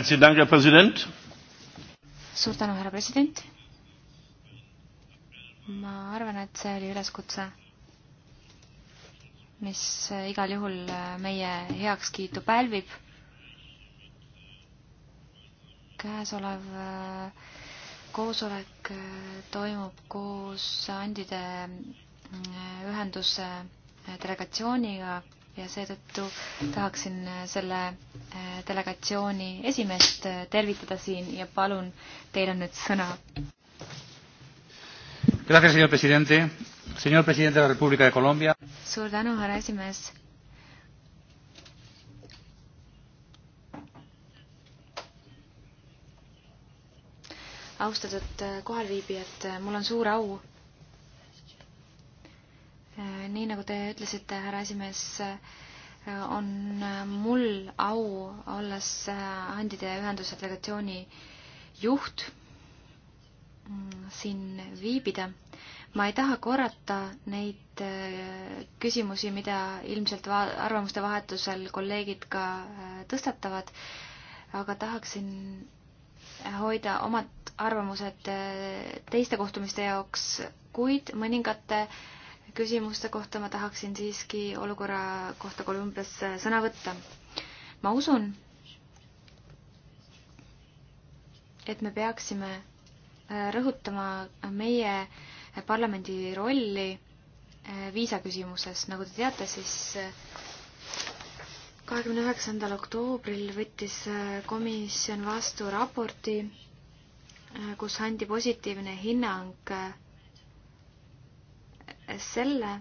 suur tänu, härra president. ma arvan, et see oli üleskutse, mis igal juhul meie heakskiitu pälvib. käesolev äh, koosolek äh, toimub koos Andide äh, ühenduse delegatsiooniga ja seetõttu tahaksin äh, selle äh, delegatsiooni esimeest äh, tervitada siin ja palun, teil on nüüd sõna. suur tänu, härra esimees. austatud kohalviibijad, mul on suur au Äh, nii nagu te ütlesite, härra esimees, äh, on äh, mul au olles Andide ühenduse delegatsiooni juht mm, siin viibida. ma ei taha korrata neid küsimusi, mida ilmselt va arvamuste vahetusel kolleegid ka tõstatavad, aga tahaksin hoida omad arvamused teiste kohtumiste jaoks, kuid mõningate äh, küsimuste kohta ma tahaksin siiski olukorra kohta Kolumbias sõna võtta. ma usun, et me peaksime äh, rõhutama meie parlamendi rolli äh, viisaküsimuses. nagu te teate, siis äh, kahekümne üheksandal oktoobril võttis komisjon vastu raporti, kus anti positiivne hinnang selle,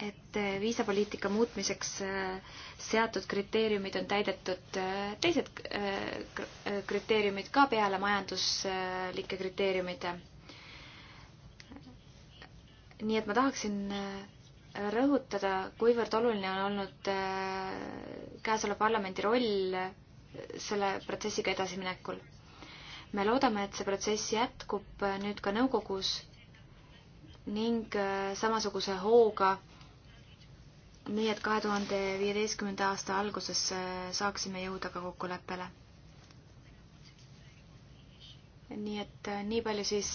et viisapoliitika muutmiseks äh, seatud kriteeriumid on täidetud, äh, teised äh, kriteeriumid ka peale majanduslike kriteeriumide. nii et ma tahaksin rõhutada, kuivõrd oluline on olnud käesoleva parlamendi roll selle protsessiga edasiminekul. me loodame, et see protsess jätkub nüüd ka nõukogus ning äh, samasuguse hooga, nii et kahe tuhande viieteistkümnenda aasta alguses äh, saaksime jõuda ka kokkuleppele. nii et äh, nii palju siis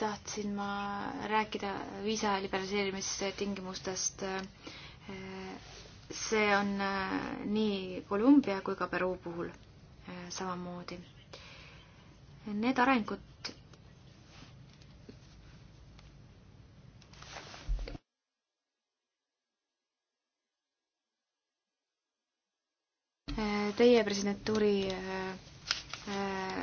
tahtsin ma rääkida viisa liberaliseerimistingimustest. see on nii Kolumbia kui ka Peruu puhul samamoodi. Need arengud Teie presidentuuri äh, äh,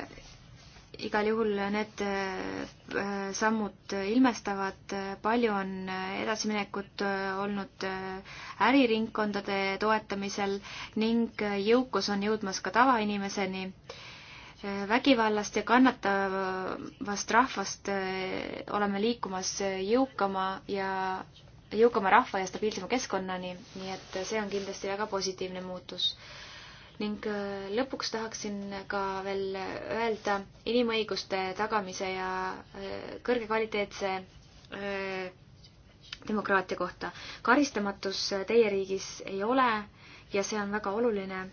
igal juhul need äh, sammud ilmestavad, palju on edasiminekut olnud äriringkondade toetamisel ning jõukus on jõudmas ka tavainimeseni. vägivallast ja kannatavast rahvast oleme liikumas jõukama ja jõukama rahva ja stabiilsema keskkonnani, nii et see on kindlasti väga positiivne muutus ning äh, lõpuks tahaksin ka veel öelda inimõiguste tagamise ja äh, kõrgekvaliteetse äh, demokraatia kohta. karistamatus teie riigis ei ole ja see on väga oluline.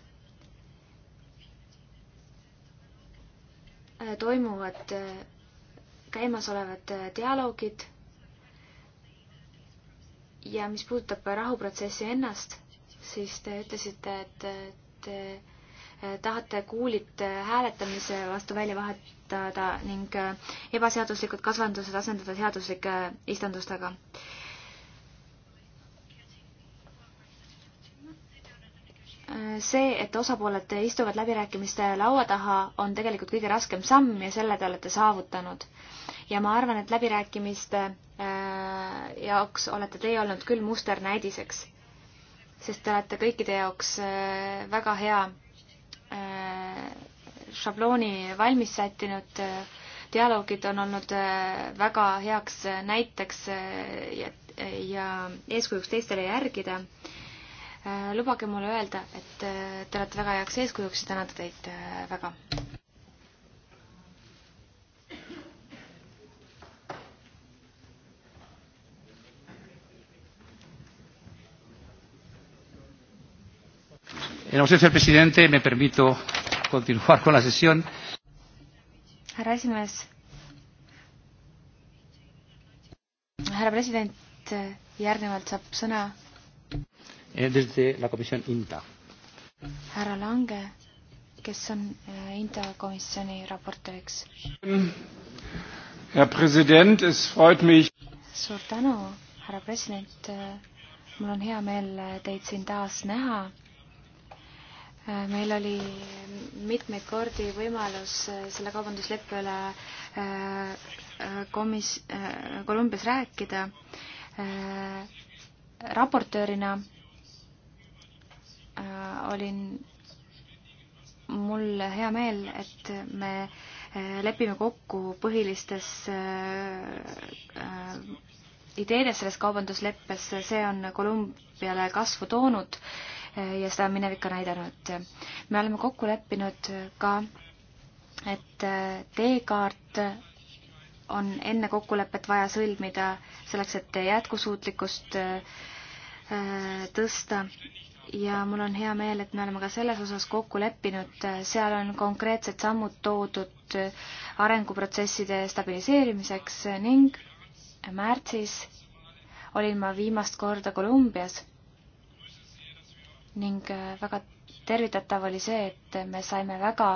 toimuvad käimasolevad dialoogid ja mis puudutab rahuprotsessi ennast, siis te ütlesite, et te eh, tahate kuulit eh, hääletamise vastu välja vahetada ning eh, ebaseaduslikud kasvandused asendada seaduslike istandustega. see, et osapooled istuvad läbirääkimiste laua taha, on tegelikult kõige raskem samm ja selle te olete saavutanud. ja ma arvan, et läbirääkimiste jaoks olete teie olnud küll musternäidiseks sest te olete kõikide jaoks äh, väga hea äh, šablooni valmis sättinud. Äh, dialoogid on olnud väga heaks näiteks ja, ja eeskujuks teistele järgida. lubage mulle öelda, et te olete väga heaks eeskujuks ja tänada teid väga. En ausencia del presidente, me permito continuar con la sesión. härra esimees. härra president, järgnevalt saab sõna. Eh, desde la komisjon INTA. härra Lange, kes on eh, INTA komisjoni raportööriks. Herr president, es freut mich. suur tänu, härra president. mul on hea meel eh, teid siin taas näha Äh, meil oli mitmeid kordi võimalus äh, selle kaubandusleppe üle äh, komis-, Kolumbias rääkida. raportöörina olin mul hea meel, et me lepime kokku põhilistes ideedes selles kaubandusleppes, see on Kolumbiale kasvu toonud ja seda on minevik ka näidanud. me oleme kokku leppinud ka, et äh, teekaart on enne kokkulepet vaja sõlmida selleks, et jätkusuutlikkust äh, tõsta ja mul on hea meel, et me oleme ka selles osas kokku leppinud, seal on konkreetsed sammud toodud äh, arenguprotsesside stabiliseerimiseks ning märtsis olin ma viimast korda Kolumbias ning äh, väga tervitatav oli see, et me saime väga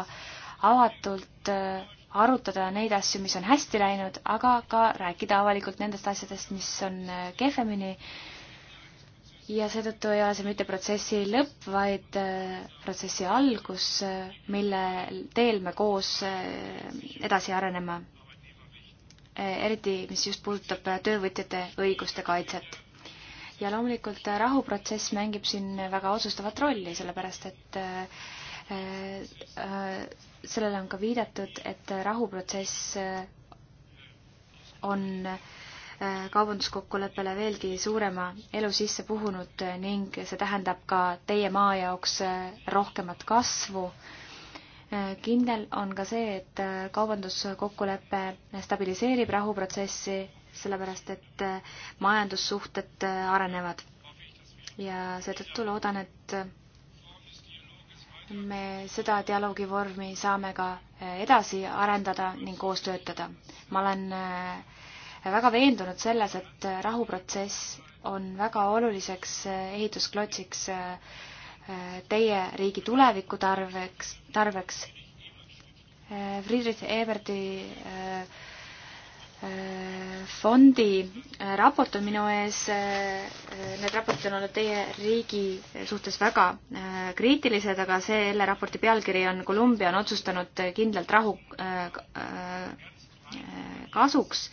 avatult äh, arutada neid asju, mis on hästi läinud, aga ka rääkida avalikult nendest asjadest, mis on äh, kehvemini. ja seetõttu ei ole see mitte protsessi lõpp, vaid protsessi algus, mille teel me koos edasi areneme. eriti, mis just puudutab töövõtjate õiguste kaitset ja loomulikult äh, rahuprotsess mängib siin väga otsustavat rolli, sellepärast et äh, äh, sellele on ka viidatud, et rahuprotsess on kaubanduskokkuleppele veelgi suurema elu sisse puhunud ning see tähendab ka teie maa jaoks rohkemat kasvu. kindel on ka see, et kaubanduskokkulepe stabiliseerib rahuprotsessi sellepärast et eh, majandussuhted eh, arenevad. ja seetõttu loodan, et eh, me seda dialoogi vormi saame ka edasi arendada ning koos töötada. ma olen väga veendunud selles, et rahuprotsess on väga oluliseks ehitusklotsiks teie riigi tuleviku tarveks, tarveks. Friedrich Eberti äh, fondi raport on minu ees, need raportid on olnud teie riigi suhtes väga äh, kriitilised, aga selle raporti pealkiri on Kolumbia on otsustanud kindlalt rahu äh, äh, kasuks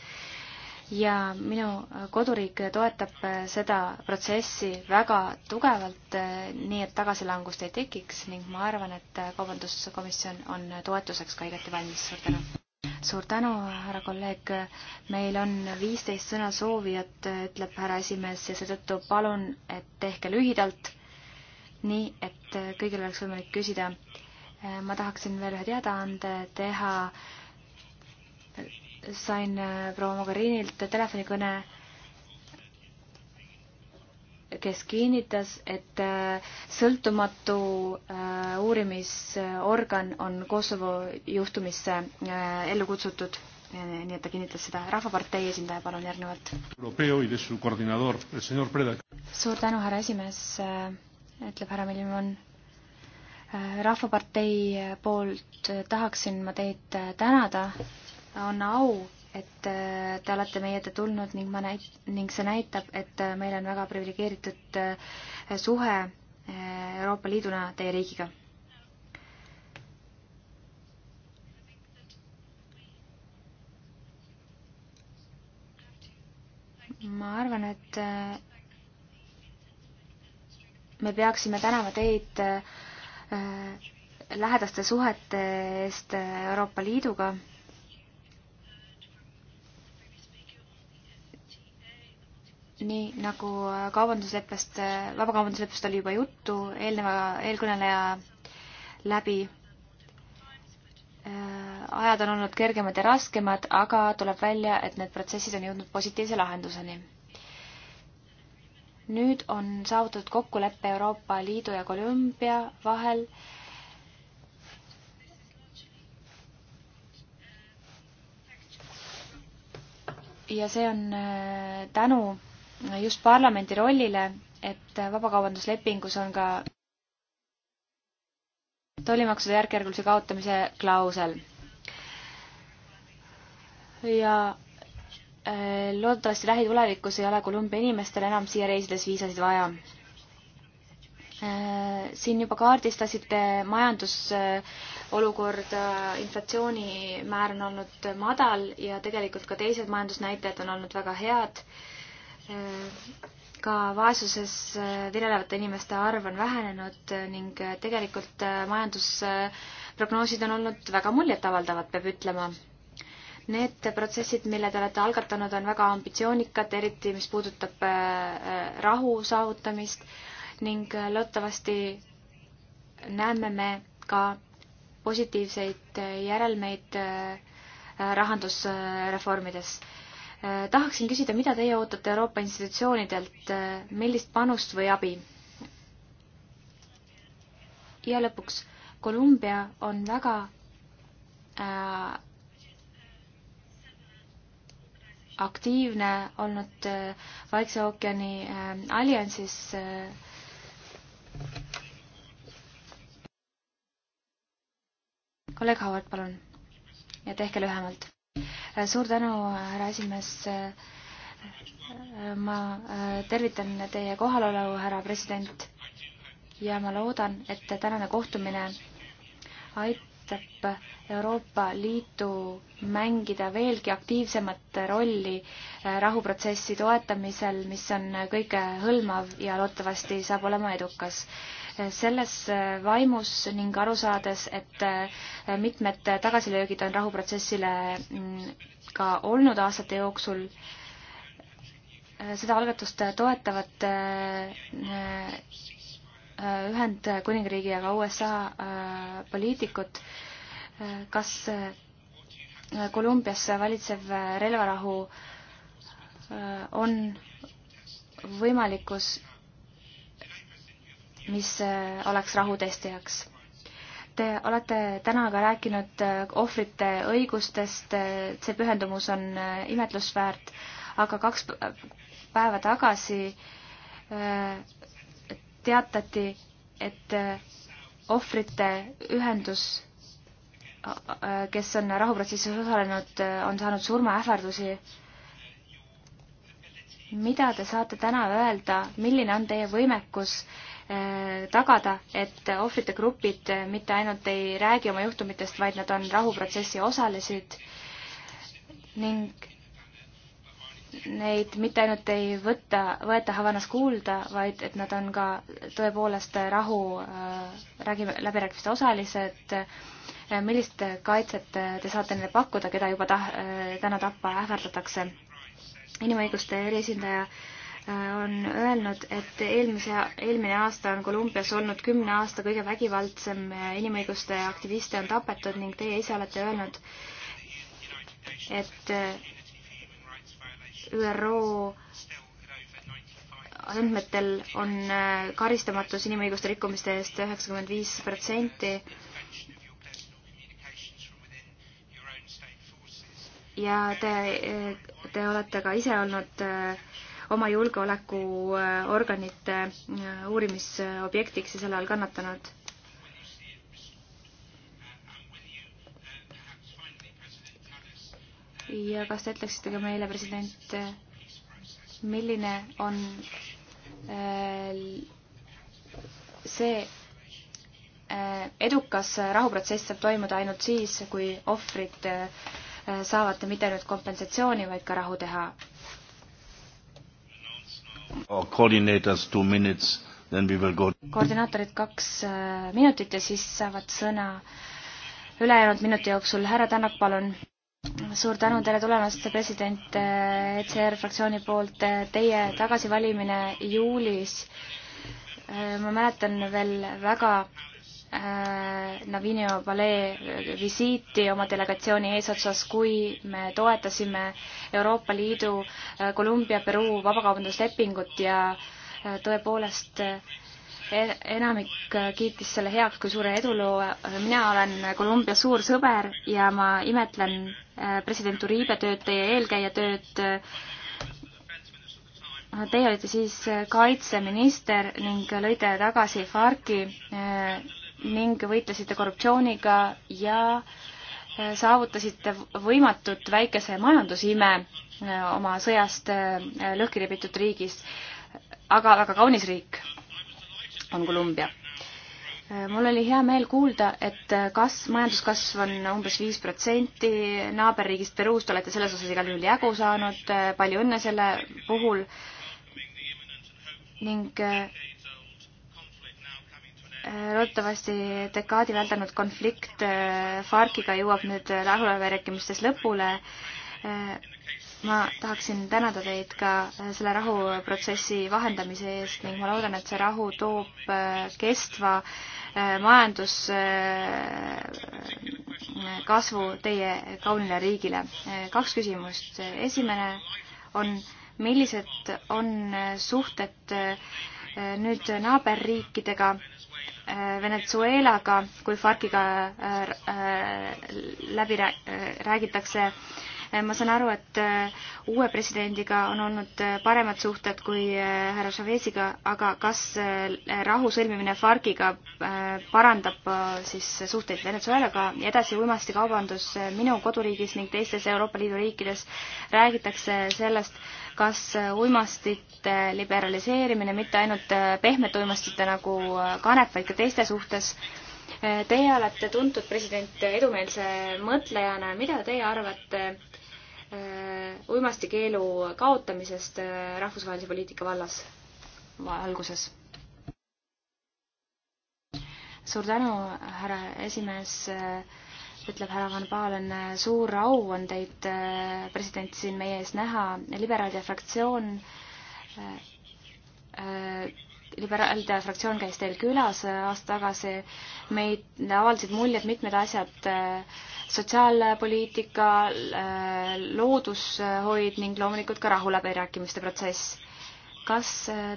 ja minu koduriik toetab seda protsessi väga tugevalt, nii et tagasilangust ei tekiks ning ma arvan, et Kaubanduskomisjon on toetuseks ka igati valmis. suur tänu! suur tänu, härra kolleeg. meil on viisteist sõna soovijat, ütleb härra esimees ja seetõttu palun, et tehke lühidalt, nii et kõigil oleks võimalik küsida. ma tahaksin veel ühe teadaande teha. sain proua Mogherinilt telefonikõne kes kinnitas, et äh, sõltumatu äh, uurimisorgan on Kosovo juhtumisse äh, ellu kutsutud. nii et ta kinnitas seda. rahvapartei esindaja, palun järgnevalt. suur tänu, härra esimees, ütleb härra Millimon. rahvapartei poolt tahaksin ma teid tänada. on au et äh, te olete meie ette tulnud ning ma näit-, ning see näitab, et äh, meil on väga priviligeeritud äh, suhe Euroopa Liiduna teie riigiga. ma arvan, et me peaksime tänama teid lähedaste suhete eest Euroopa Liiduga nii nagu äh, kaubandusleppest, äh, vabakaubandusleppest oli juba juttu eelneva, eelkõneleja läbi äh, ajad on olnud kergemad ja raskemad, aga tuleb välja, et need protsessid on jõudnud positiivse lahenduseni. nüüd on saavutatud kokkulepe Euroopa Liidu ja Kolumbia vahel. ja see on tänu just parlamendi rollile, et vabakaubanduslepingus on ka tollimaksude järk-järgulise kaotamise klausel. ja äh, loodetavasti lähitulevikus ei ole Kolumbia inimestel enam siia reisides viisasid vaja. Äh, siin juba kaardistasite majandusolukorda, inflatsioonimäär on olnud madal ja tegelikult ka teised majandusnäitajad on olnud väga head Äh, ka vaesuses äh, viljelevate inimeste arv on vähenenud äh, ning tegelikult majandusprognoosid on olnud väga muljetavaldavad, peab ütlema. Need protsessid, mille te olete algatanud, on väga ambitsioonikad, eriti mis puudutab rahu saavutamist ning loodetavasti näeme me ka positiivseid järelmeid rahandusreformides Äh, tahaksin küsida, mida teie ootate Euroopa institutsioonidelt, äh, millist panust või abi? ja lõpuks, Kolumbia on väga äh, aktiivne olnud äh, Vaikse ookeani äh, alliansis äh, kolleeg Howard, palun. ja tehke lühemalt suur tänu, härra esimees. ma äh, tervitan teie kohalolu, härra president ja ma loodan, et tänane kohtumine aitab Euroopa Liitu mängida veelgi aktiivsemat rolli äh, rahuprotsessi toetamisel, mis on kõige hõlmav ja loodetavasti saab olema edukas selles vaimus ning aru saades, et äh, mitmed tagasilöögid on rahuprotsessile mm, ka olnud aastate jooksul, äh, seda algatust toetavad äh, Ühendkuningriigi ja ka USA poliitikud. kas Kolumbias valitsev relvarahu on võimalikus mis äh, oleks rahu teestijaks. Te olete täna ka rääkinud äh, ohvrite õigustest, äh, see pühendumus on imetlusväärt, aga kaks päeva tagasi teatati, et ohvrite ühendus, kes on rahuprotsessis osalenud, on saanud surmaähvardusi mida te saate täna öelda, milline on teie võimekus Äh, tagada, et ohvrite grupid mitte ainult ei räägi oma juhtumitest, vaid nad on rahuprotsessi osalised ning neid mitte ainult ei võta, võeta Havanas kuulda, vaid et nad on ka tõepoolest rahu äh, räägime, läbirääkimiste osalised. Äh, millist kaitset te saate neile pakkuda, keda juba ta, täna tappa ähvardatakse? inimõiguste eriesindaja äh, Äh, on öelnud, et eelmise, eelmine aasta on Kolumbias olnud kümne aasta kõige vägivaldsem, äh, inimõiguste aktiviste on tapetud ning teie ise olete öelnud, et äh, ÜRO andmetel on karistamatus inimõiguste rikkumiste eest üheksakümmend viis protsenti ja te, te olete ka ise olnud äh, oma julgeolekuorganite äh, uurimisobjektiks ja selle all kannatanud. ja kas te ütleksite ka meile, president, milline on äh, see äh, edukas rahuprotsess saab toimuda ainult siis, kui ohvrid saavad mitte ainult kompensatsiooni, vaid ka rahu teha koordinaatorid kaks äh, minutit ja siis saavad sõna ülejäänud minuti jooksul. härra Tannak, palun. suur tänu teile tulemast, president äh, ECR fraktsiooni poolt. Äh, teie tagasivalimine juulis, ma mäletan veel väga Äh, Navinio palee visiiti oma delegatsiooni eesotsas, kui me toetasime Euroopa Liidu äh, Kolumbia, Peruu vabakaubanduslepingut ja äh, tõepoolest e, enamik kiitis selle heaks kui suure eduloo. mina olen Kolumbia suur sõber ja ma imetlen president Uribe tööd, teie eelkäija tööd Teie olite siis kaitseminister ning lõite tagasi FARC-i ning võitlesite korruptsiooniga ja äh, saavutasite võimatut väikese majandusime äh, oma sõjast äh, lõhki rebitud riigis. aga väga kaunis riik on Kolumbia. mul oli hea meel kuulda, et kas majanduskasv on umbes viis protsenti, naaberriigist Peruust olete selles osas igal juhul jagu saanud, palju õnne selle puhul ning Äh, loodetavasti dekaadi väldanud konflikt äh, FARC-iga jõuab nüüd äh, rahuläbirääkimistes lõpule. ma tahaksin tänada teid ka selle rahuprotsessi vahendamise eest ning ma loodan, et see rahu toob kestva majanduskasvu teie kaunile riigile. kaks küsimust. esimene on, millised on suhted nüüd naaberriikidega Äh, Venezuelaga, kui FARC-iga äh, äh, läbi räägitakse Äh, ma saan aru, et äh, uue presidendiga on olnud äh, paremad suhted kui härra Chaveziga, aga kas rahu sõlmimine FARC-iga parandab siis suhteid Venezuelaga ja edasi uimastikaubandus minu koduriigis ning teistes Euroopa Liidu riikides räägitakse sellest, kas uimastite liberaliseerimine mitte ainult pehmete uimastite nagu kanep, vaid ka teiste suhtes Teie olete tuntud president edumeelse mõtlejana, mida teie arvate Äh, uimastikeelu kaotamisest äh, rahvusvahelise poliitika vallas alguses. suur tänu, härra esimees, äh, ütleb härra Van Palen, suur au on teid, president, siin meie ees näha. liberaalide fraktsioon liberaalide fraktsioon käis teil külas äh, aasta tagasi, meid avaldasid muljed mitmed asjad, äh, sotsiaalpoliitika, äh, loodushoid ning loomulikult ka rahuläbirääkimiste protsess. kas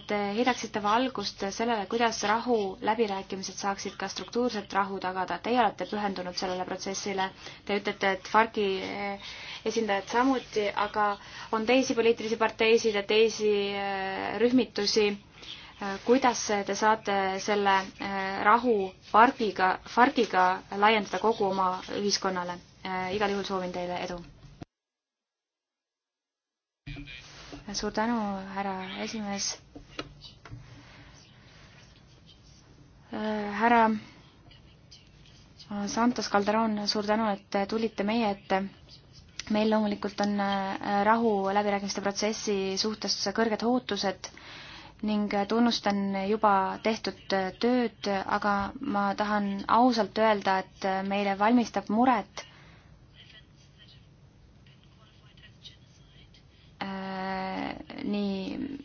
te heidaksite valgust sellele, kuidas rahuläbirääkimised saaksid ka struktuurset rahu tagada, teie olete pühendunud sellele protsessile, te ütlete, et FARC-i esindajad samuti, aga on teisi poliitilisi parteisid ja teisi rühmitusi kuidas te saate selle äh, rahu fargiga, fargiga laiendada kogu oma ühiskonnale? Äh, igal juhul soovin teile edu. suur tänu, härra esimees. Äh, härra Santos Calderon, suur tänu, et tulite meie ette meil loomulikult on rahu läbirääkimiste protsessi suhtes kõrged ootused ning tunnustan juba tehtud tööd, aga ma tahan ausalt öelda, et meile valmistab muret äh, nii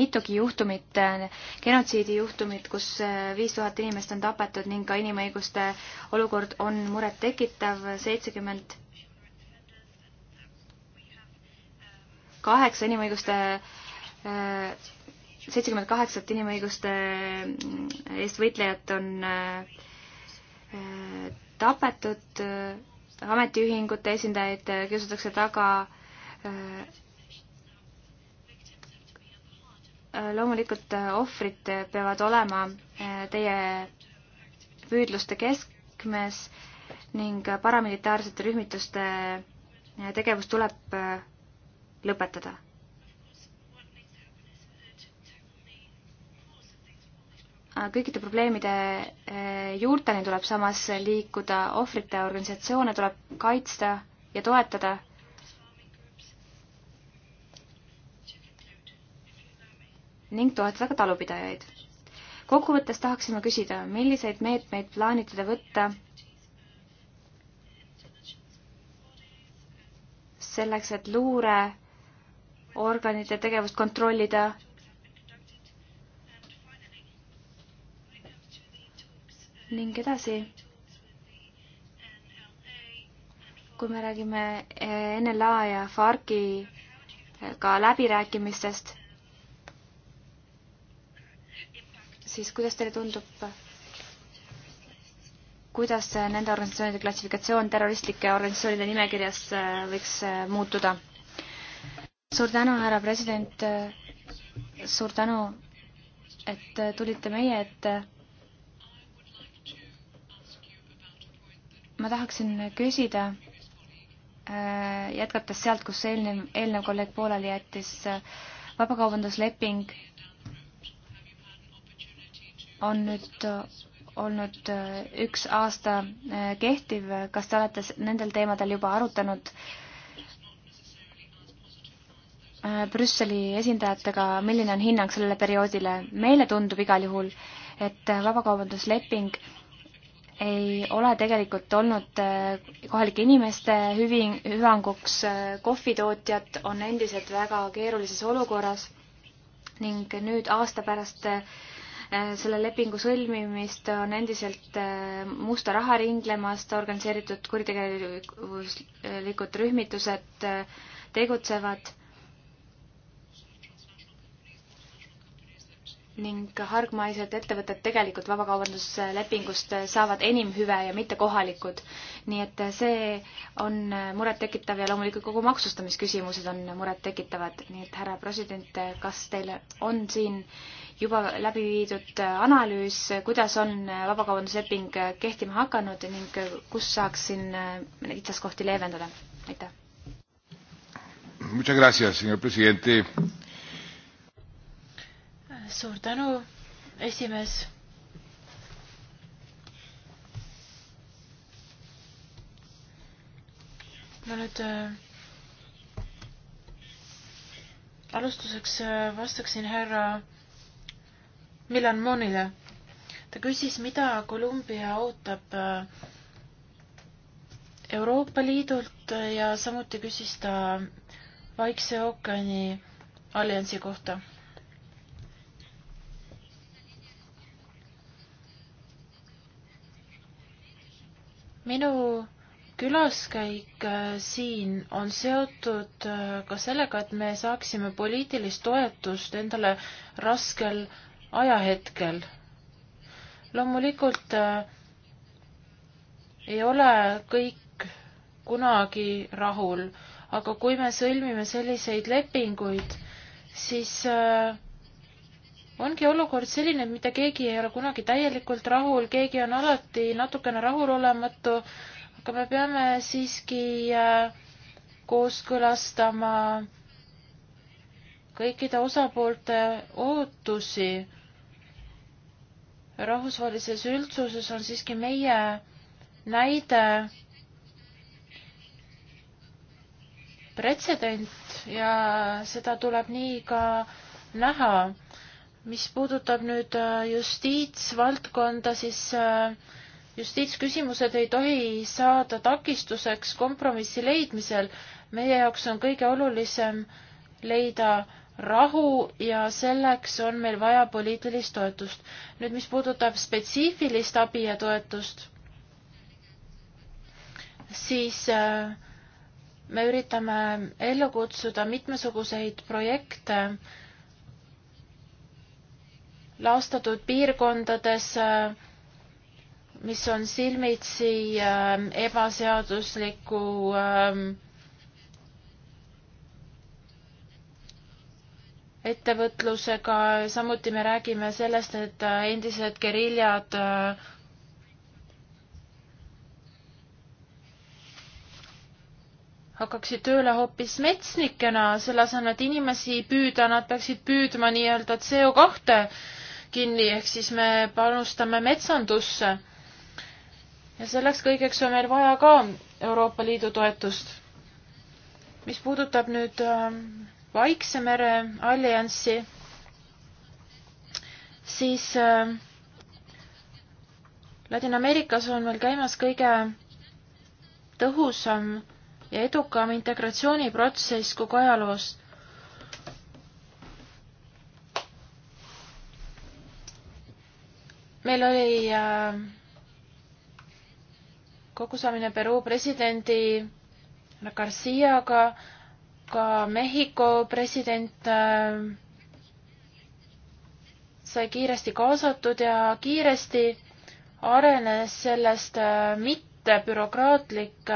mitugi juhtumit, genotsiidi juhtumit, kus viis tuhat inimest on tapetud ning ka inimõiguste olukord on murettekitav, seitsekümmend kaheksa inimõiguste äh, seitsekümmend kaheksat inimõiguste mm, eest võitlejat on äh, äh, tapetud, äh, ametiühingute esindajaid kiusatakse taga. loomulikult ohvrid peavad olema teie püüdluste keskmes ning paramilitaarsete rühmituste tegevus tuleb lõpetada Äh, kõikide probleemide äh, juurteni tuleb samas liikuda, ohvrite organisatsioone tuleb kaitsta ja toetada. ning toetada ka talupidajaid. kokkuvõttes tahaksime küsida, milliseid meetmeid plaanite te võtta selleks, et luureorganite tegevust kontrollida ning edasi. kui me räägime eh, NLA ja FARC-i eh, ka läbirääkimistest, siis kuidas teile tundub, kuidas nende organisatsioonide klassifikatsioon terroristlike organisatsioonide nimekirjas eh, võiks muutuda? suur tänu, härra president, suur tänu, et tulite meie ette ma tahaksin küsida, äh, jätkates sealt, kus eelnev, eelnev kolleeg pooleli jättis, äh, vabakaubandusleping on nüüd äh, olnud üks aasta kehtiv, kas te olete nendel teemadel juba arutanud Brüsseli esindajatega, milline on hinnang sellele perioodile? meile tundub igal juhul, et vabakaubandusleping ei ole tegelikult olnud äh, kohalike inimeste hüvi, hüvanguks. Äh, kohvitootjad on endiselt väga keerulises olukorras ning nüüd aasta pärast äh, selle lepingu sõlmimist on endiselt musta raha ringlemas, organiseeritud kuritegelikud rühmitused tegutsevad ning hargmaised ettevõtted tegelikult vabakaubanduslepingust saavad enim hüve ja mitte kohalikud. nii et see on murettekitav ja loomulikult kogu maksustamisküsimused on murettekitavad, nii et härra president, kas teil on siin juba läbi viidud analüüs, kuidas on vabakaubandusleping kehtima hakanud ning kus saaks siin kitsaskohti leevendada? aitäh. Muchas gracias, señor presidente suur tänu, esimees. ma nüüd äh, alustuseks äh, vastaksin härra Milan Monile. ta küsis, mida Kolumbia ootab äh, Euroopa Liidult ja samuti küsis ta Vaikse ookeani alliansi kohta minu külaskäik äh, siin on seotud äh, ka sellega, et me saaksime poliitilist toetust endale raskel ajahetkel. loomulikult äh, ei ole kõik kunagi rahul, aga kui me sõlmime selliseid lepinguid, siis äh, ongi olukord selline, et mitte keegi ei ole kunagi täielikult rahul, keegi on alati natukene rahulolematu, aga me peame siiski äh, kooskõlastama kõikide osapoolte ootusi. rahvusvahelises üldsuses on siiski meie näide pretsedent ja seda tuleb nii ka näha mis puudutab nüüd äh, justiitsvaldkonda, siis äh, justiitsküsimused ei tohi saada takistuseks kompromissi leidmisel. meie jaoks on kõige olulisem leida rahu ja selleks on meil vaja poliitilist toetust. nüüd, mis puudutab spetsiifilist abi ja toetust, siis äh, me üritame ellu kutsuda mitmesuguseid projekte, laastatud piirkondades, äh, mis on silmitsi äh, ebaseadusliku äh, ettevõtlusega, samuti me räägime sellest, et endised geriljad hakkaksid tööle hoopis metsnikena, selle asemel, et inimesi püüda, nad peaksid püüdma nii-öelda CO kahte kinni, ehk siis me panustame metsandusse. ja selleks kõigeks on meil vaja ka Euroopa Liidu toetust. mis puudutab nüüd ähm, Vaikse mere allianssi, siis ähm, Ladina-Ameerikas on meil käimas kõige tõhusam ja edukam integratsiooniprotsess kogu ajaloos meil oli äh, kokkusaamine Peruu presidendi Garciaga, ka Mehhiko president äh, sai kiiresti kaasatud ja kiiresti arenes sellest äh, mittebürokraatlik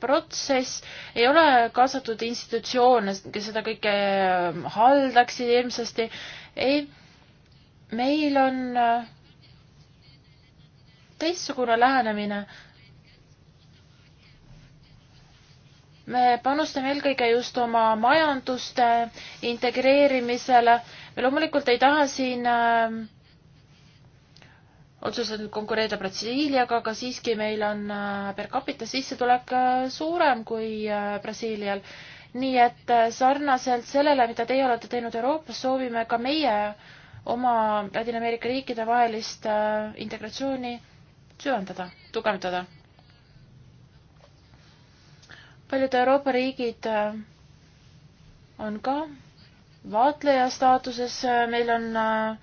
protsess, ei ole kaasatud institutsioone, kes seda kõike haldaksid hirmsasti, ei, meil on äh, teistsugune lähenemine. me panustame eelkõige just oma majanduste integreerimisele. me loomulikult ei taha siin äh, otseselt konkureerida Brasiiliaga, aga siiski meil on äh, per capita sissetulek äh, suurem kui äh, Brasiilial. nii et sarnaselt sellele, mida teie olete teinud Euroopas, soovime ka meie oma Ladina-Ameerika riikide vahelist integratsiooni süvendada, tugevdada. paljud Euroopa riigid äh, on ka vaatleja staatuses, äh, meil on äh,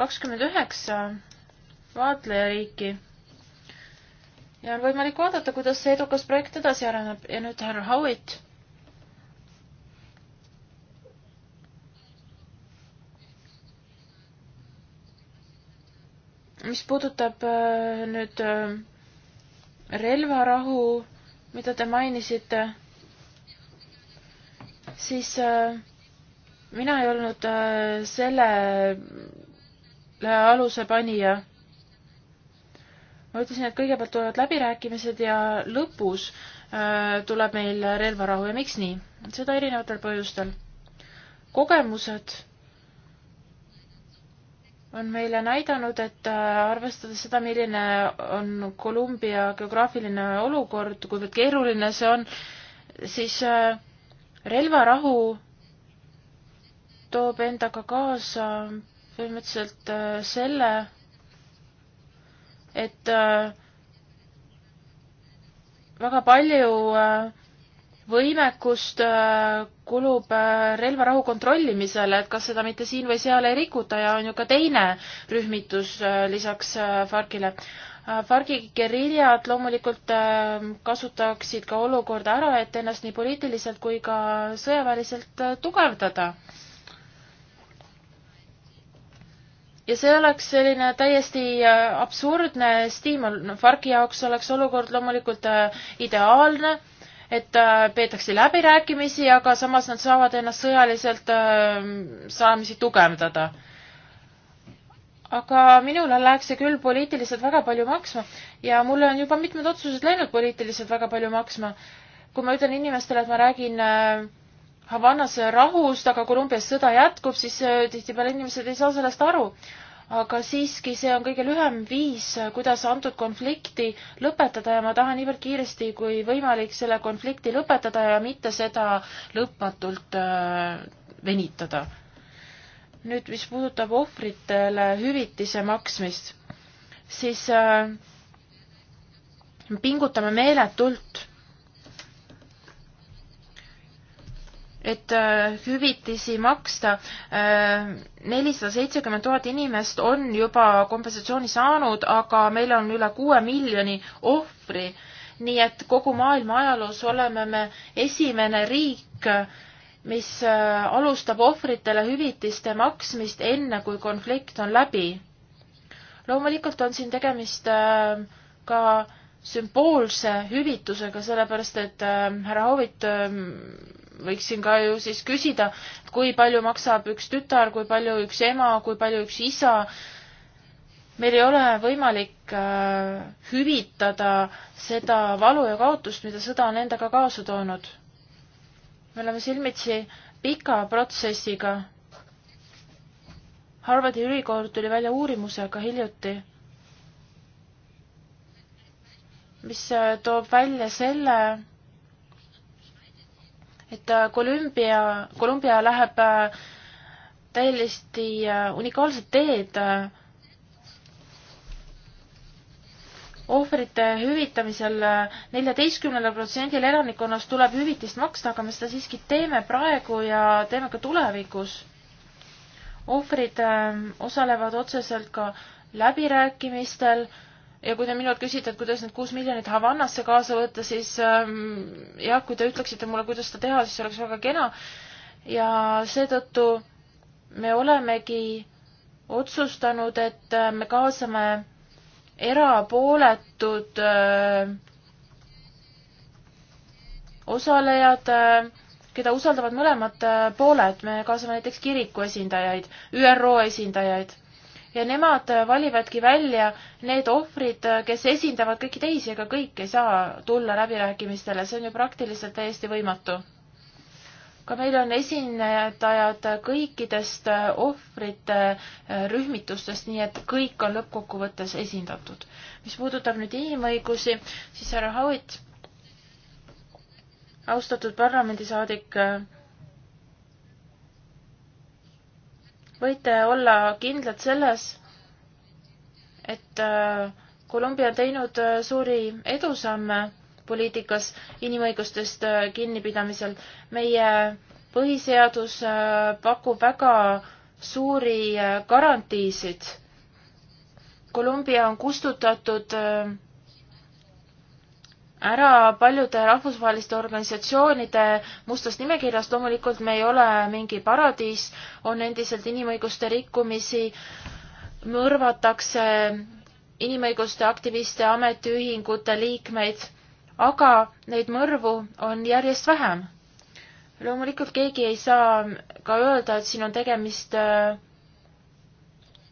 kakskümmend üheksa vaatlejariiki ja on võimalik vaadata, kuidas see edukas projekt edasi areneb ja nüüd härra Howitt mis puudutab äh, nüüd äh, relvarahu, mida te mainisite, siis äh, mina ei olnud sellele aluse panija. ma ütlesin, et kõigepealt tulevad läbirääkimised ja lõpus tuleb meil relvarahu ja miks nii? seda erinevatel põhjustel. kogemused on meile näidanud, et äh, arvestades seda, milline on Kolumbia geograafiline olukord, kuivõrd keeruline see on, siis äh, relvarahu toob endaga kaasa põhimõtteliselt äh, selle, et väga palju äh, võimekust äh, kulub äh, relvarahu kontrollimisele, et kas seda mitte siin või seal ei rikuta ja on ju ka teine rühmitus äh, lisaks FARC-ile. FARC-i geriljad loomulikult kasutaksid ka olukorda ära, et ennast nii poliitiliselt kui ka sõjaväeliselt tugevdada. ja see oleks selline täiesti absurdne stiimul, FARC-i jaoks oleks olukord loomulikult ideaalne et äh, peetakse läbirääkimisi, aga samas nad saavad ennast sõjaliselt ähm, saamisi tugevdada. aga minule läheks see küll poliitiliselt väga palju maksma ja mulle on juba mitmed otsused läinud poliitiliselt väga palju maksma. kui ma ütlen inimestele, et ma räägin äh, Havannas rahust, aga Kolumbias sõda jätkub, siis äh, tihtipeale inimesed ei saa sellest aru aga siiski see on kõige lühem viis, kuidas antud konflikti lõpetada ja ma tahan niivõrd kiiresti kui võimalik selle konflikti lõpetada ja mitte seda lõpmatult äh, venitada. nüüd, mis puudutab ohvritele hüvitise maksmist, siis äh, pingutame meeletult et äh, hüvitisi maksta. Äh, nelisada seitsekümmend tuhat inimest on juba kompensatsiooni saanud, aga meil on üle kuue miljoni ohvri. nii et kogu maailma ajaloos oleme me esimene riik, mis äh, alustab ohvritele hüvitiste maksmist enne, kui konflikt on läbi. loomulikult on siin tegemist ka sümboolse hüvitusega, sellepärast et härra Hoovit ähm, võiksin ka ju siis küsida, kui palju maksab üks tütar, kui palju üks ema, kui palju üks isa. meil ei ole võimalik äh, hüvitada seda valu ja kaotust, mida sõda on endaga kaasa toonud. me oleme silmitsi pika protsessiga. Harvardi ülikool tuli välja uurimusega hiljuti, mis äh, toob välja selle, et äh, Kolumbia, Kolumbia läheb äh, täiesti äh, unikaalset teed ohvrite hüvitamisel neljateistkümnele protsendile elanikkonnast tuleb hüvitist maksta, aga me seda siiski teeme praegu ja teeme ka tulevikus. ohvrid osalevad otseselt ka läbirääkimistel ja kui te minult küsite, et kuidas need kuus miljonit Havannasse kaasa võtta, siis ähm, jah, kui te ütleksite mulle, kuidas seda teha, siis oleks väga kena. ja seetõttu me olemegi otsustanud, et äh, me kaasame erapooletud äh, osalejad äh, keda usaldavad mõlemad äh, pooled, me kaasame näiteks kiriku esindajaid, ÜRO esindajaid ja nemad äh, valivadki välja need ohvrid, äh, kes esindavad kõiki teisi, ega kõik ei saa tulla läbirääkimistele, see on ju praktiliselt täiesti võimatu. ka meil on esindajad kõikidest äh, ohvrite rühmitustest, nii et kõik on lõppkokkuvõttes esindatud. mis puudutab nüüd inimõigusi, siis härra Howitt, austatud parlamendisaadik, võite olla kindlad selles, et äh, Kolumbia on teinud äh, suuri edusamme poliitikas inimõigustest äh, kinnipidamisel. meie põhiseadus pakub väga suuri garantiisid. Kolumbia on kustutatud äh, ära paljude rahvusvaheliste organisatsioonide mustast nimekirjast, loomulikult me ei ole mingi paradiis, on endiselt inimõiguste rikkumisi, mõrvatakse inimõiguste aktiviste, ametiühingute liikmeid, aga neid mõrvu on järjest vähem. loomulikult keegi ei saa ka öelda, et siin on tegemist äh,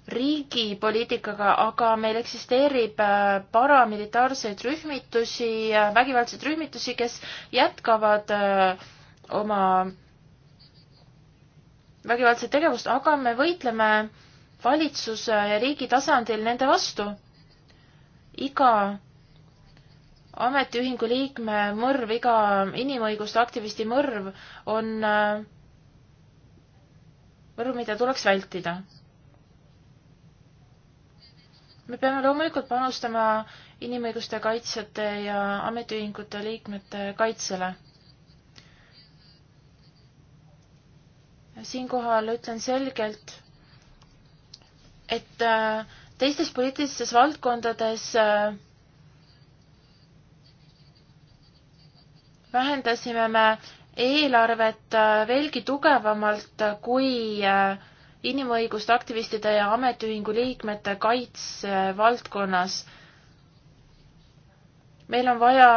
riigi poliitikaga, aga meil eksisteerib äh, paramilitaarseid rühmitusi, äh, vägivaldseid rühmitusi, kes jätkavad äh, oma vägivaldset tegevust, aga me võitleme valitsuse ja riigi tasandil nende vastu. iga ametiühingu liikme mõrv, iga inimõiguste aktivisti mõrv on mõrv, mida tuleks vältida me peame loomulikult panustama inimõiguste kaitsjate ja ametiühingute liikmete kaitsele. siinkohal ütlen selgelt, et äh, teistes poliitilistes valdkondades äh, vähendasime me eelarvet äh, veelgi tugevamalt, kui äh, inimõiguste aktivistide ja ametiühingu liikmete kaitse valdkonnas. meil on vaja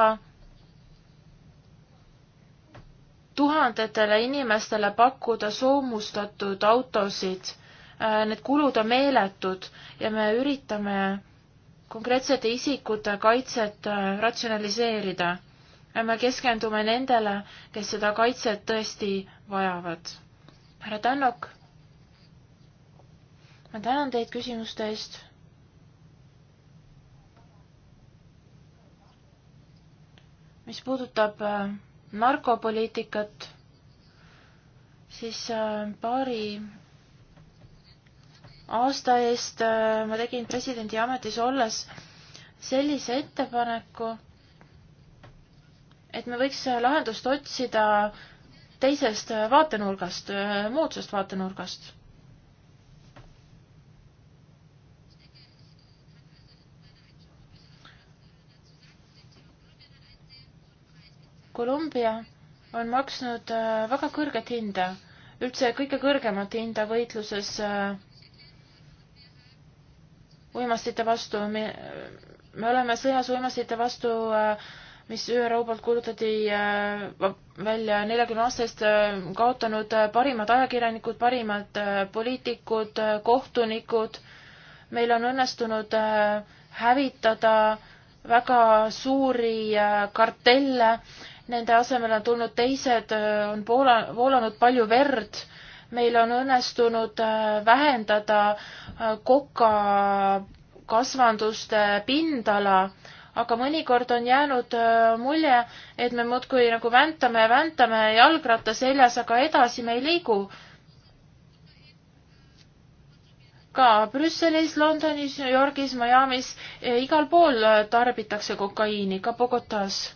tuhandetele inimestele pakkuda soomustatud autosid. Äh, need kulud on meeletud ja me üritame konkreetsete isikute kaitset äh, ratsionaliseerida. Äh, me keskendume nendele, kes seda kaitset tõesti vajavad. härra Tannok ma tänan teid küsimuste eest. mis puudutab äh, narkopoliitikat, siis äh, paari aasta eest äh, ma tegin presidendi ametis olles sellise ettepaneku, et me võiks lahendust otsida teisest vaatenurgast, moodsast vaatenurgast Kolumbia on maksnud äh, väga kõrget hinda, üldse kõige kõrgemat hinda võitluses äh, uimastite vastu. me oleme sõjas uimastite vastu, äh, mis ÜRO poolt kuulutati välja neljakümne aastast, kaotanud parimad ajakirjanikud, parimad poliitikud, kohtunikud. meil on õnnestunud hävitada väga suuri kartelle nende asemele on tulnud teised, äh, on poola, voolanud palju verd. meil on õnnestunud äh, vähendada äh, kokakasvanduste pindala, aga mõnikord on jäänud mulje, et me muudkui nagu väntame ja väntame jalgratta seljas, aga edasi me ei liigu ka Brüsselis, Londonis, New Yorgis, Miami's, e, igal pool tarbitakse kokaiini, ka Bogotas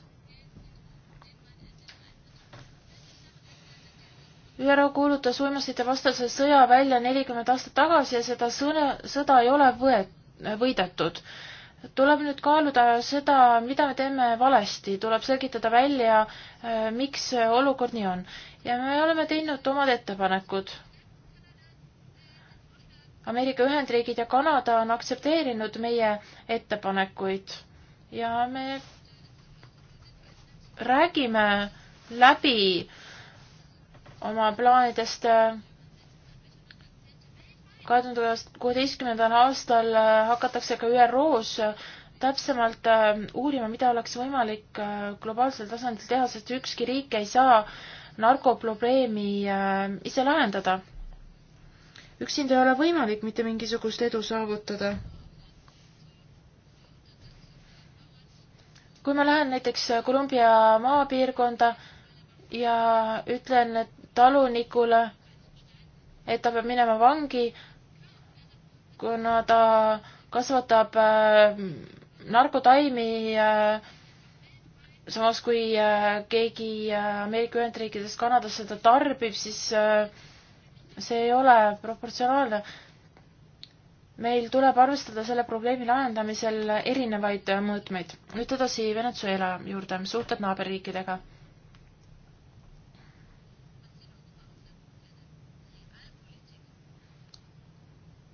ÜRO kuulutas uimastite vastase sõja välja nelikümmend aastat tagasi ja seda sõna, sõda ei ole võet-, võidetud. tuleb nüüd kaaluda seda, mida me teeme valesti, tuleb selgitada välja, äh, miks olukord nii on. ja me oleme teinud omad ettepanekud. Ameerika Ühendriigid ja Kanada on aktsepteerinud meie ettepanekuid ja me räägime läbi äh, oma plaanidest äh, kahe tuhande kuueteistkümnendal aastal äh, hakatakse ka ÜRO-s äh, täpsemalt uurima, mida oleks võimalik globaalsel tasandil teha, sest ükski riik ei saa narkoprobleemi ise lahendada. üksinda ei ole võimalik mitte mingisugust edu saavutada. kui ma lähen näiteks Kolumbia maapiirkonda ja ütlen, et talunikule, et ta peab minema vangi, kuna ta kasvatab äh, narkotaimi äh, samas kui äh, keegi Ameerika Ühendriikidest Kanadas seda tarbib, siis see ei ole proportsionaalne. meil tuleb arvestada selle probleemi lahendamisel erinevaid mõõtmeid. nüüd edasi Venezuela juurde, suhted naaberriikidega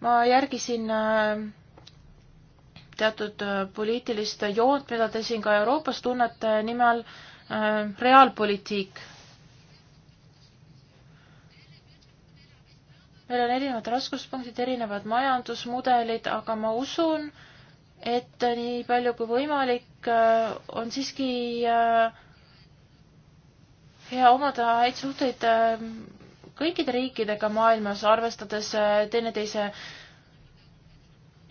ma järgisin äh, teatud äh, poliitilist joont, mida te siin ka Euroopas tunnete nime all äh, reaalpoliitik. meil on erinevad raskuspunktid, erinevad majandusmudelid, aga ma usun, et nii palju kui võimalik, on siiski hea omada häid suhteid kõikide riikidega maailmas, arvestades äh, teineteise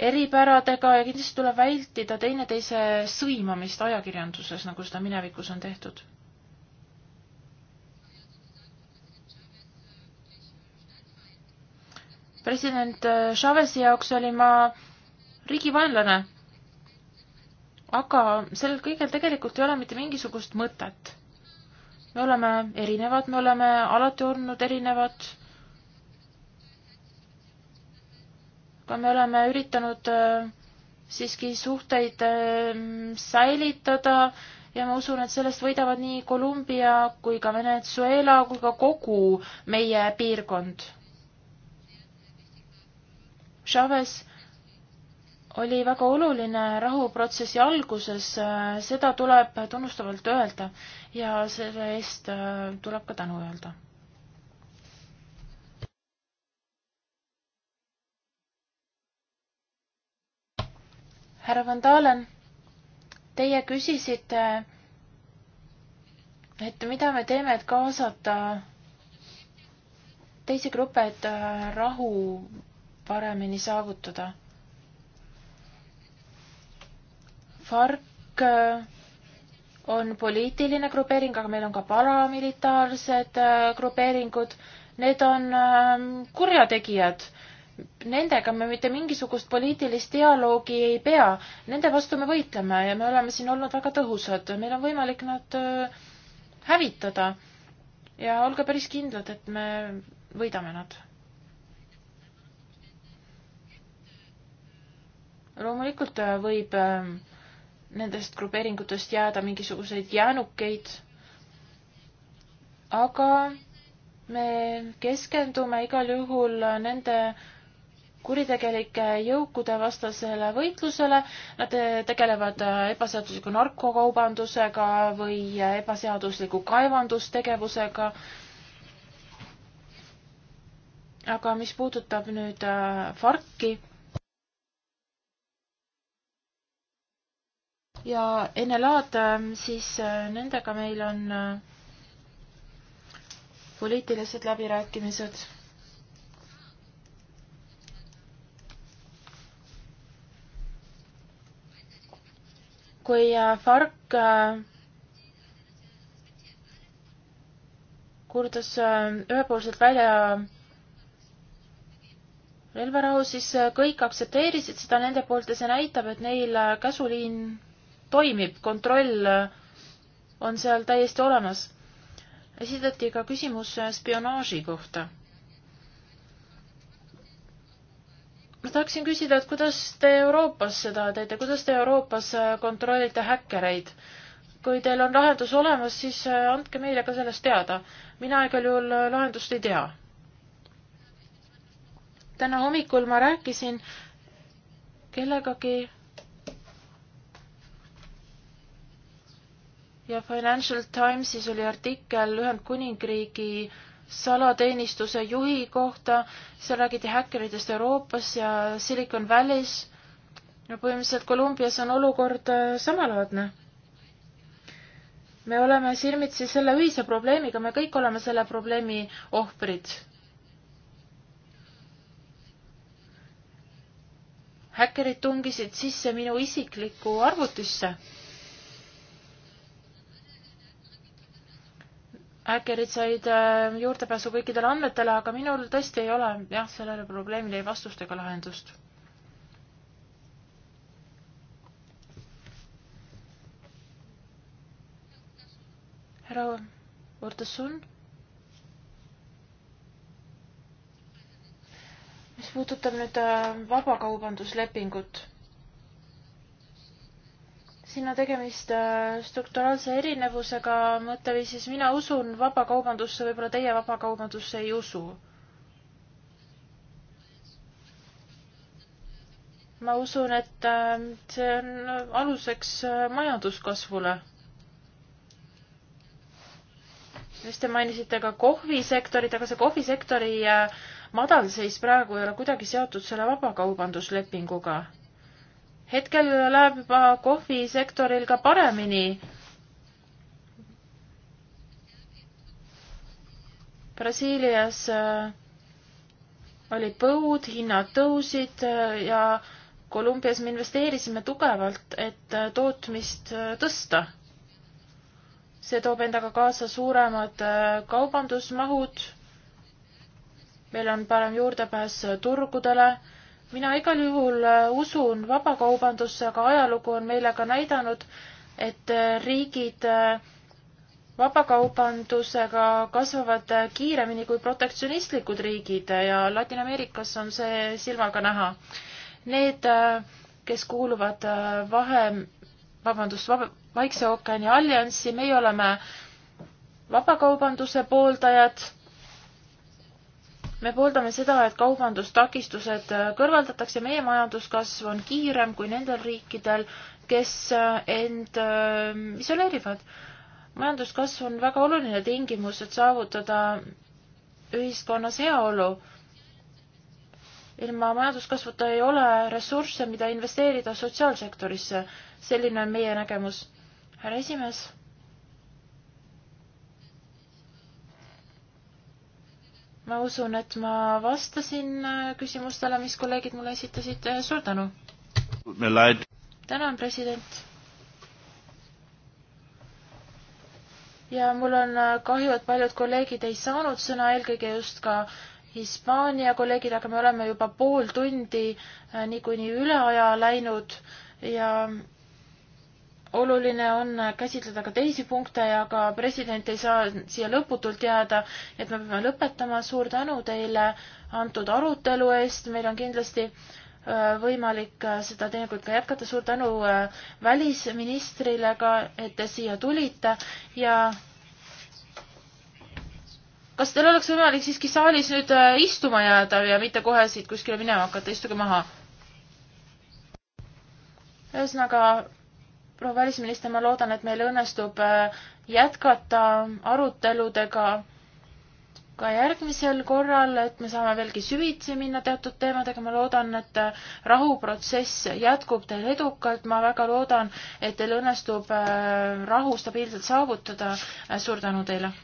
eripäradega ja kindlasti tuleb vältida teineteise sõimamist ajakirjanduses, nagu seda minevikus on tehtud. president äh, Chavez'i jaoks olin ma riigivaenlane. aga sellel kõigel tegelikult ei ole mitte mingisugust mõtet me oleme erinevad, me oleme alati olnud erinevad. aga me oleme üritanud äh, siiski suhteid äh, säilitada ja ma usun, et sellest võidavad nii Kolumbia kui ka Venezuela kui ka kogu meie piirkond. Chavez oli väga oluline rahuprotsessi alguses, äh, seda tuleb tunnustavalt öelda ja selle eest äh, tuleb ka tänu öelda. härra Van Dalen, teie küsisite, et mida me teeme, et kaasata teisi gruppe, et äh, rahu paremini saavutada FARC äh, on poliitiline grupeering, aga meil on ka paramilitaarsed äh, grupeeringud. Need on ähm, kurjategijad. Nendega me mitte mingisugust poliitilist dialoogi ei pea. Nende vastu me võitleme ja me oleme siin olnud väga tõhusad. meil on võimalik nad äh, hävitada. ja olge päris kindlad, et me võidame nad. loomulikult võib äh, nendest grupeeringutest jääda mingisuguseid jäänukeid. aga me keskendume igal juhul nende kuritegelike jõukude vastasele võitlusele. Nad tegelevad ebaseadusliku narkokaubandusega või ebaseadusliku kaevandustegevusega. aga mis puudutab nüüd äh, FARC-i, ja NLA-d, ähm, siis äh, nendega meil on äh, poliitilised läbirääkimised. kui äh, FARC kuulutas ühepoolselt välja relvarahu, siis kõik aktsepteerisid seda nende poolt ja see näitab, et neil käsuliin toimib, kontroll äh, on seal täiesti olemas. esitati ka küsimus äh, spionaaži kohta. ma tahaksin küsida, et kuidas te Euroopas seda teete, kuidas te Euroopas äh, kontrollite häkkereid? kui teil on lahendus olemas, siis andke meile ka sellest teada. mina igal juhul lahendust ei tea. täna hommikul ma rääkisin kellegagi ja Financial Timesis oli artikkel Ühendkuningriigi salateenistuse juhi kohta, seal räägiti häkkeritest Euroopas ja Silicon Valley's. no põhimõtteliselt Kolumbias on olukord äh, samalaadne. me oleme silmitsi selle ühise probleemiga, me kõik oleme selle probleemi ohvrid. häkkerid tungisid sisse minu isiklikku arvutisse häkkerid said äh, juurdepääsu kõikidele andmetele, aga minul tõesti ei ole jah, sellele probleemile ei vastust ega lahendust. härra Urtasun? mis puudutab nüüd äh, vabakaubanduslepingut siin on tegemist äh, strukturaalse erinevusega mõtteviisis, mina usun vabakaubandusse, võib-olla teie vabakaubandusse ei usu. ma usun, et äh, see on aluseks äh, majanduskasvule. just te mainisite ka kohvisektorit, aga see kohvisektori madalseis praegu ei ole kuidagi seotud selle vabakaubanduslepinguga hetkel läheb juba kohvisektoril ka paremini. Brasiilias äh, oli põud, hinnad tõusid äh, ja Kolumbias me investeerisime tugevalt, et äh, tootmist tõsta. see toob endaga kaasa suuremad kaubandusmahud, meil on parem juurdepääs turgudele mina igal juhul äh, usun vabakaubandusse, aga ajalugu on meile ka näidanud, et äh, riigid äh, vabakaubandusega kasvavad kiiremini kui protektsionistlikud riigid ja Ladina-Ameerikas on see silmaga näha. Need, kes kuuluvad vahe, vabandust, Vaikse ookeani alliansi, meie oleme vabakaubanduse pooldajad me pooldame seda, et kaubandustakistused kõrvaldatakse, meie majanduskasv on kiirem kui nendel riikidel, kes äh, end äh, isoleerivad. majanduskasv on väga oluline tingimus, et saavutada ühiskonnas heaolu. ilma majanduskasvuta ei ole ressursse, mida investeerida sotsiaalsektorisse. selline on meie nägemus. härra esimees ma usun, et ma vastasin äh, küsimustele, mis kolleegid mulle esitasid. Äh, suur tänu! tänan, president! ja mul on äh, kahju, et paljud kolleegid ei saanud sõna, eelkõige just ka Hispaania kolleegid, aga me oleme juba pool tundi niikuinii üle aja läinud ja oluline on käsitleda ka teisi punkte ja ka president ei saa siia lõputult jääda, et me peame lõpetama. suur tänu teile antud arutelu eest, meil on kindlasti äh, võimalik äh, seda teinekord ka jätkata. suur tänu äh, välisministrile ka, et te siia tulite ja kas teil oleks võimalik siiski saalis nüüd istuma jääda ja mitte kohe siit kuskile minema hakata, istuge maha. ühesõnaga proua välisminister, ma loodan, et meil õnnestub äh, jätkata aruteludega ka järgmisel korral, et me saame veelgi süvitsi minna teatud teemadega, ma loodan, et äh, rahuprotsess jätkub teil edukalt, ma väga loodan, et teil õnnestub äh, rahu stabiilselt saavutada. suur tänu teile!